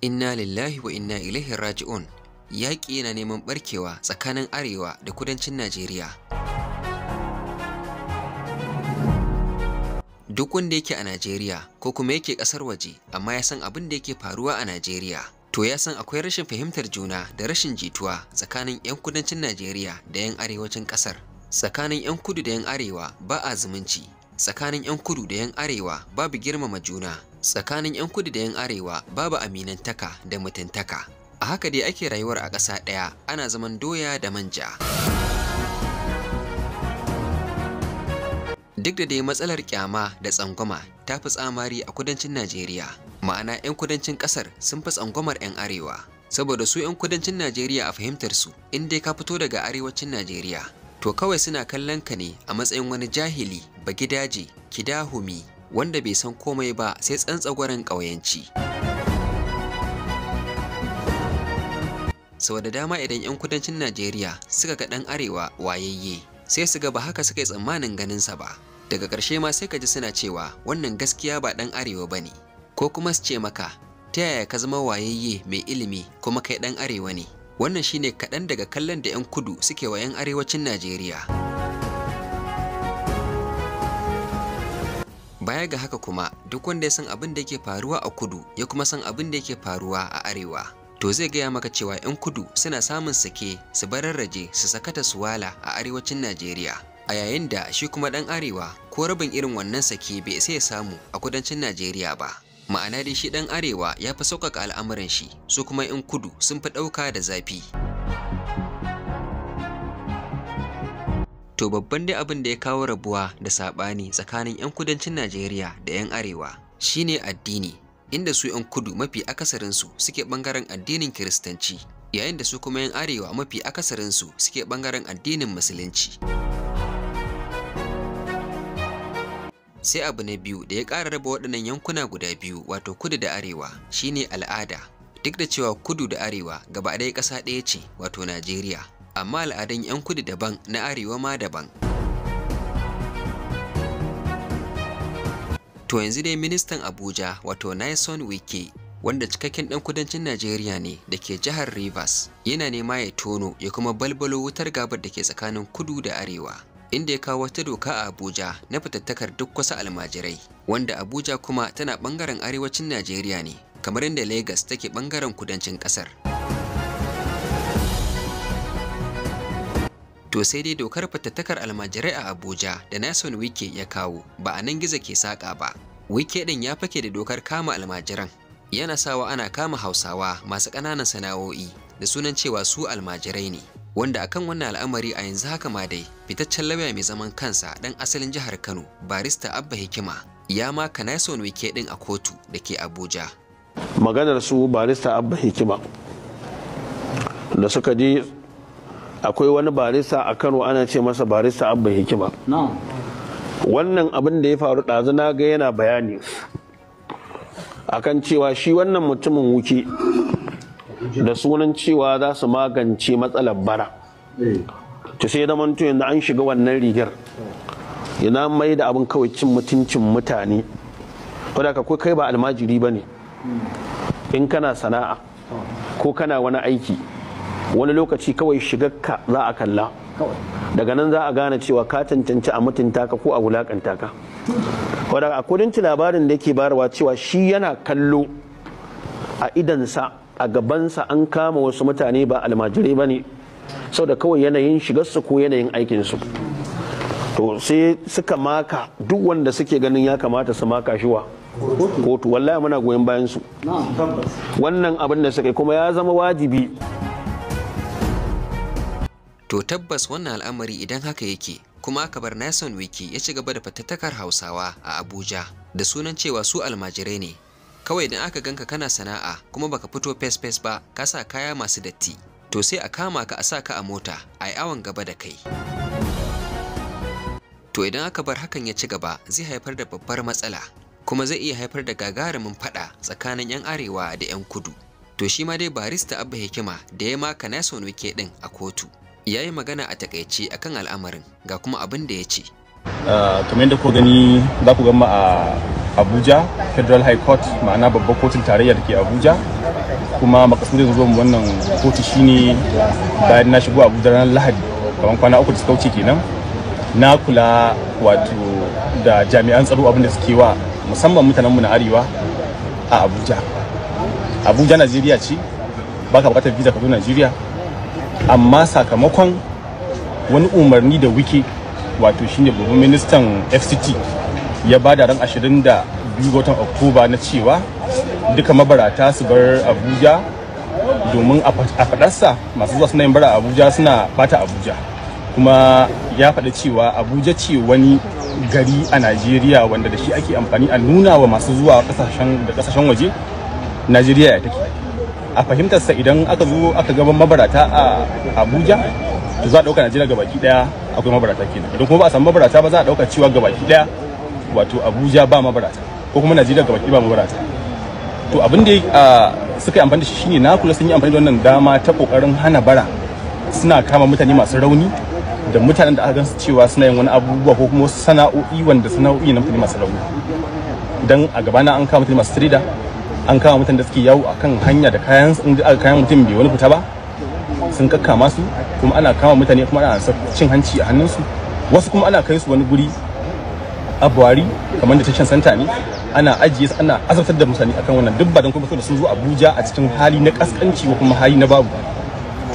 Inna lillahi wa inna ilaihi raji'un. Yaƙi yana neman barkewa tsakanin Arewa da kudancin Najeriya. Duk wanda yake a Najeriya ko kuma yake ƙasar waje amma ya san abin da yake faruwa a Najeriya. To ya san akwai rashin fahimtar juna da rashin jituwa tsakanin 'yan kudancin Najeriya da 'yan arewacin ƙasar. Tsakanin 'yan kudu da 'yan arewa ba a zumunci tsakanin 'yan kudu da 'yan arewa babu girmama juna tsakanin 'yan kudu da 'yan arewa babu aminantaka da mutuntaka a haka dai ake rayuwar a ƙasa ɗaya ana zaman doya da manja duk da dai matsalar kyama da tsangwama ta fi tsamari a kudancin najeriya ma'ana 'yan kudancin ƙasar sun fi tsangwamar 'yan arewa saboda su 'yan kudancin najeriya a fahimtar su in dai ka fito daga arewacin najeriya to kawai suna kallon ka ne a matsayin wani jahili bagidaje kidahumi wanda bai san komai ba sai tsantsagwaren ƙauyenci sau da dama idan 'yan kudancin najeriya suka ga ɗan arewa wayayye sai su ga ba haka suka yi tsammanin ganinsa ba daga ƙarshe ma sai ka ji suna cewa wannan gaskiya ba ɗan arewa ba ne ko kuma su ce maka ta yaya ka zama wayayye mai ilimi kuma kai ɗan arewa ne wannan shine kaɗan daga kallon da 'yan kudu suke wa 'yan arewacin najeriya baya ga haka kuma duk wanda ya san abin da yake faruwa a kudu ya kuma san abin da yake faruwa a arewa to zai gaya maka cewa 'yan kudu suna samun sake su bararraje su sakata su wala a arewacin najeriya a yayin da shi kuma ɗan arewa ko rabin irin wannan sake bai sai ya samu a kudancin najeriya ba ma'ana dai shi ɗan arewa ya fi sauƙaƙa al'amuran shi su kuma 'yan kudu sun fi ɗauka da zafi To babban dai abin da ya kawo rabuwa da saɓani tsakanin 'yan kudancin Najeriya da 'yan arewa shine addini, inda su 'yan kudu mafi akasarinsu suke ɓangaren addinin Kiristanci, yayin da su kuma 'yan arewa mafi akasarinsu suke ɓangaren addinin Musulunci. Sai abu na biyu da ya ƙara raba waɗannan yankuna guda biyu wato kudu da arewa shine al'ada, duk da cewa kudu da arewa gaba ɗaya ƙasa ɗaya ce wato Najeriya. amma al'adun 'yan kudu daban na arewa ma daban to yanzu dai ministan abuja wato nison wike wanda cikakken ɗan kudancin Najeriya ne da ke jihar Rivers yana nema ya tono ya kuma balbalo wutar gabar da ke tsakanin kudu da arewa inda ya kawo wata doka a Abuja na fitattakar duk wasu almajirai wanda Abuja kuma tana ɓangaren arewacin Najeriya ne kamar inda Lagos take ɓangaren kudancin ƙasar. To sai dai dokar fatattakar almajirai a Abuja da Nason Wike ya kawo ba a nan gizo ke saƙa ba. Wike ɗin ya fake da dokar kama almajiran. Yana sawa ana kama Hausawa masu ƙananan sana'o'i da sunan cewa su almajirai ne. Wanda akan wannan al'amari a yanzu haka ma dai fitaccen lauya mai zaman kansa ɗan asalin jihar Kano barista Abba Hikima ya maka Nason Wike ɗin a kotu da ke Abuja. Maganar su barista Abba Hikima da suka ji akwai wani barista a kano ana ce masa barista abba hikima wannan abin da ya faru ɗazu na ga yana bayani akan cewa shi wannan mutumin wuki da sunan cewa za su magance matsalar bara eh. ta sai da manto yanzu an shiga wannan rigar yana mai da abin kawai cin mutuncin mutane wadda ka kai ba almajiri ba ne hmm. in kana sana'a ko kana wani aiki wani lokaci kawai ka za a kalla daga nan za a gane cewa ka cancanci a mutunta ka ko a wulakanta ka wadda a kudinci labarin da yake barawa cewa shi yana kallo a idansa a gabansa an kama wasu mutane ba almajirai ba ne sau da kawai yanayin shigarsu ko yanayin aikinsu to sai suka maka duk wanda suke ganin ya kamata su maka shiwa kotu wallahi muna goyon bayansu wannan abin da suka kuma ya zama wajibi To tabbas wannan al'amari idan haka yake kuma aka bar Nelson Wiki ya ci gaba da fatattakar Hausawa a Abuja da sunan cewa su almajirai ne. Kawai idan aka ganka kana sana'a kuma baka fito fes-fes ba ka sa kaya masu datti. To sai a kama ka a sa ka a mota a yi awon gaba da kai. To idan aka bar hakan ya ci gaba zai haifar da babbar matsala kuma zai iya haifar da gagarumin fada tsakanin 'yan arewa da 'yan kudu. To shi ma dai barista Abba Hikima da ya maka Nelson wiki din a kotu. ya yi magana a takaice akan al'amarin ga kuma abin da ya ce ah, kamar yadda ku gani za ku gama a abuja federal high court ma'ana babbar kotun tarayya da ke abuja kuma makasudin zuwan wannan kotu shine bayan na shigo abuja ranar lahadi kamar kwana uku da suka wuce kenan na kula wato da jami'an tsaro abin da suke wa musamman mutanenmu na arewa a abuja abuja najeriya ce baka bukatar visa ka zo najeriya amma sakamakon wani umarni da wiki wato shine babban ministan fct ya ba da ran 22 watan oktoba na cewa duka mabarata su bar abuja domin a fadarsa masu zuwa suna yin bara abuja suna bata abuja kuma ya faɗa cewa abuja ce wani gari a najeriya wanda da shi ake amfani a nuna wa masu zuwa da kasashen waje najeriya ya take a fahimtarsa idan aka zo aka gaban mabarata a abuja to za a ɗauka najeriya gabaki daya akwai mabarata kenan idan kuma ba a samu mabarata ba za a ɗauka cewa gabaki daya wato abuja ba mabarata ko kuma najeriya gabaki ba mabarata to abin da ah, suka yi amfani da shi shine na kula sun yi amfani da wannan dama ta kokarin hana bara suna kama mutane masu rauni da mutanen da aka gansu cewa suna yin wani abubuwa ko kuma sana'o'i wanda sana'o'i na mutane masu rauni dan a gabana an kama mutane masu strida an kama mutan da suke yawo akan hanya da kayan kayan mutum bai wani fita ba sun kakkama su kuma ana kama mutane kuma ana cin hanci a hannunsu wasu kuma ana kai su wani guri a buhari kamar da tashin santa ne ana ajiye su ana azabtar da mutane akan wannan duk ba don kuma da sun zo abuja a cikin hali na kaskanci ko kuma hali na babu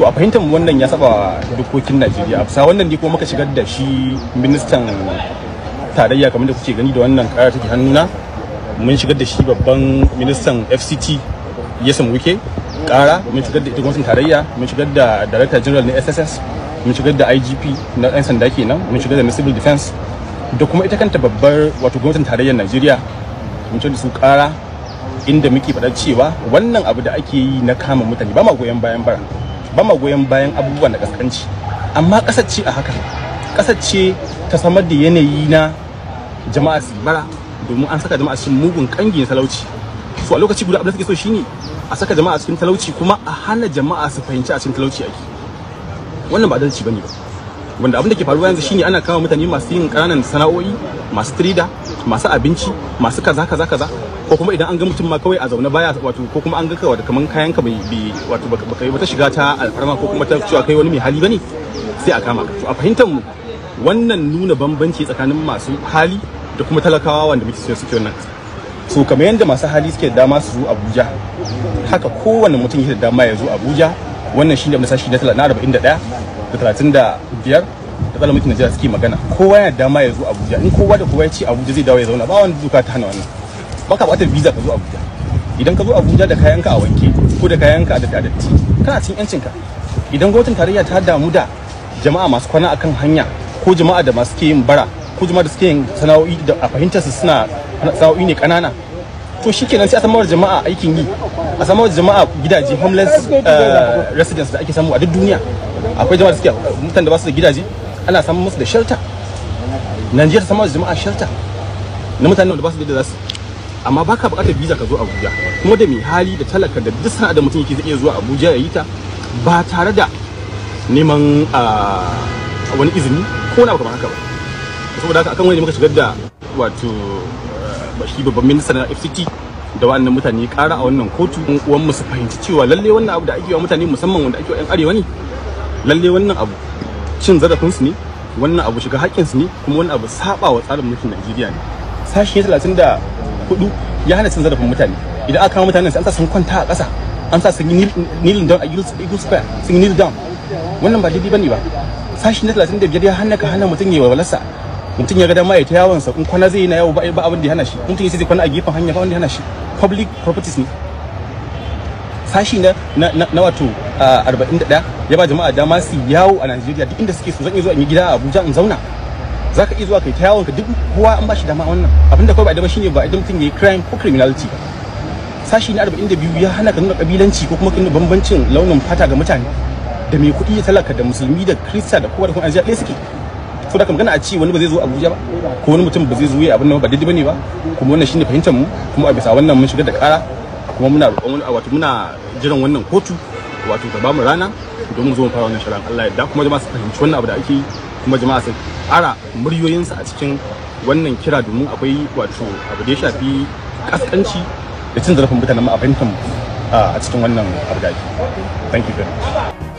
to a fahimtar wannan ya saba dokokin najeriya a wannan ne kuma muka shigar da shi ministan tarayya kamar da kuke gani da wannan kara take hannuna mun shigar da shi babban ministan fct samu wike kara mun shigar da ita gwamnatin tarayya mun shigar da director general na sss mun shigar da igp na ɗan sanda kenan mun shigar da na civil defense da kuma ita kanta babbar wato gwamnatin tarayyar najeriya mun shigar da su kara inda muke faɗa cewa wannan abu da ake yi na kama mutane ba ma goyon bayan bara ba ma goyon bayan abubuwan da kaskanci amma ƙasar ce a haka ƙasar ce ta samar da yanayi na jama'a su bara domin an saka jama'a cikin mugun kangi na talauci so a lokaci guda abin da suke so shine a saka jama'a cikin talauci kuma a hana jama'a su fahimci a cikin talauci ake wannan ba adalci bane ba wanda abin da ke faruwa yanzu shine ana kawo mutane masu yin ƙananan sana'o'i masu trida masu abinci masu kaza kaza kaza ko kuma idan an ga mutum ma kawai a zaune baya wato ko kuma an ga kawai kaman kayan ka bai wato baka yi ta shiga ta alfarma ko kuma ta cewa kai wani mai hali bane sai a kama ka to a fahimtar mu wannan nuna bambanci tsakanin masu hali da kuma talakawa wanda muke so suke wannan so kamar yadda masu hali suke da dama su zo abuja haka kowane mutum yake da dama ya zo abuja wannan shine na sashi na 41 da 35 da mutum mulkin najeriya suke magana kowa yana dama ya zo abuja in kowa da kowa ya ce abuja zai dawo ya zauna ba wani duka ta hana wannan baka bata visa ka zo abuja idan ka zo abuja da kayanka a wanke ko da kayanka a datti kana cin yancinka idan gwamnatin tarayya ta damu da jama'a masu kwana akan hanya ko jama'a da masu ke yin bara ko jama'a da suke yin sana'o'i da a fahimtar su suna sana'o'i ne kanana to shikenan sai a samar jama'a aikin yi a samar jama'a gidaje homeless eh, residents da ake samu a duk duniya akwai jama'a da suke mutan da ba su da gidaje ana samun musu da shelter Najeriya ta samar jama'a shelter na mutanen da ba su da za su amma baka bukatar visa ka zo Abuja kuma da mai hali da talaka da duk sana'a da mutum yake zai iya zuwa Abuja ya yi ta ba tare da neman ah, wani izini ko na ba haka ba saboda haka akan wani muka shigar da wato eh, shi babban ministan na FCT da wannan mutane kara a wannan kotu uwan mu su fahimci cewa lalle wannan abu da ake wa mutane musamman wanda ake wa yan arewa ne lalle wannan abu cin zarafin su ne wannan abu shiga haƙƙin su ne kuma wannan abu saba wa tsarin mulkin Najeriya ne sashi 34 ya hana cin zarafin mutane idan aka kama mutanen sai an sa sun kwanta a ƙasa an sa sun yi kneeling down a Eagle Square sun yi kneel down wannan ba daidai bane ba sashi na 35 ya hana ka hana mutum yayi wa walasa. mutum ya ga dama ya ta yawon sa in kwana zai na yawo ba abin da ya hana shi mutum sai zai kwana a gefen hanya ba da ya hana shi public properties ne sashi na na wato 41 ya ba jama'a dama su yawo a Najeriya duk inda suke so zan iya zuwa in yi gida a Abuja in zauna zaka iya zuwa kai ta yawon ka duk kowa an ba shi dama wannan da kawai ba dama shine ba idan mutum yayi crime ko criminality sashi na 42 ya hana ka nuna kabilanci ko kuma kin bambancin launin fata ga mutane da mai kuɗi ya talaka da musulmi da krista da kowa da kuma ajiya ɗaya suke so da magana a ci wani ba zai zo Abuja ba ko wani mutum ba zai zo ya abin nan ba daidai bane ba kuma wannan shine fahimtar mu kuma a bisa wannan mun shigar da kara kuma muna roƙon wato muna jiran wannan kotu wato ta bamu rana domin zo mu fara wannan shirin Allah ya da kuma jama'a su fahimci wannan abu da ake kuma jama'a su ara muryoyinsu a cikin wannan kira domin akwai wato abu da ya shafi kaskanci da cin zarafin mutanen mu a fahimtar mu a cikin wannan abu da ake thank you very much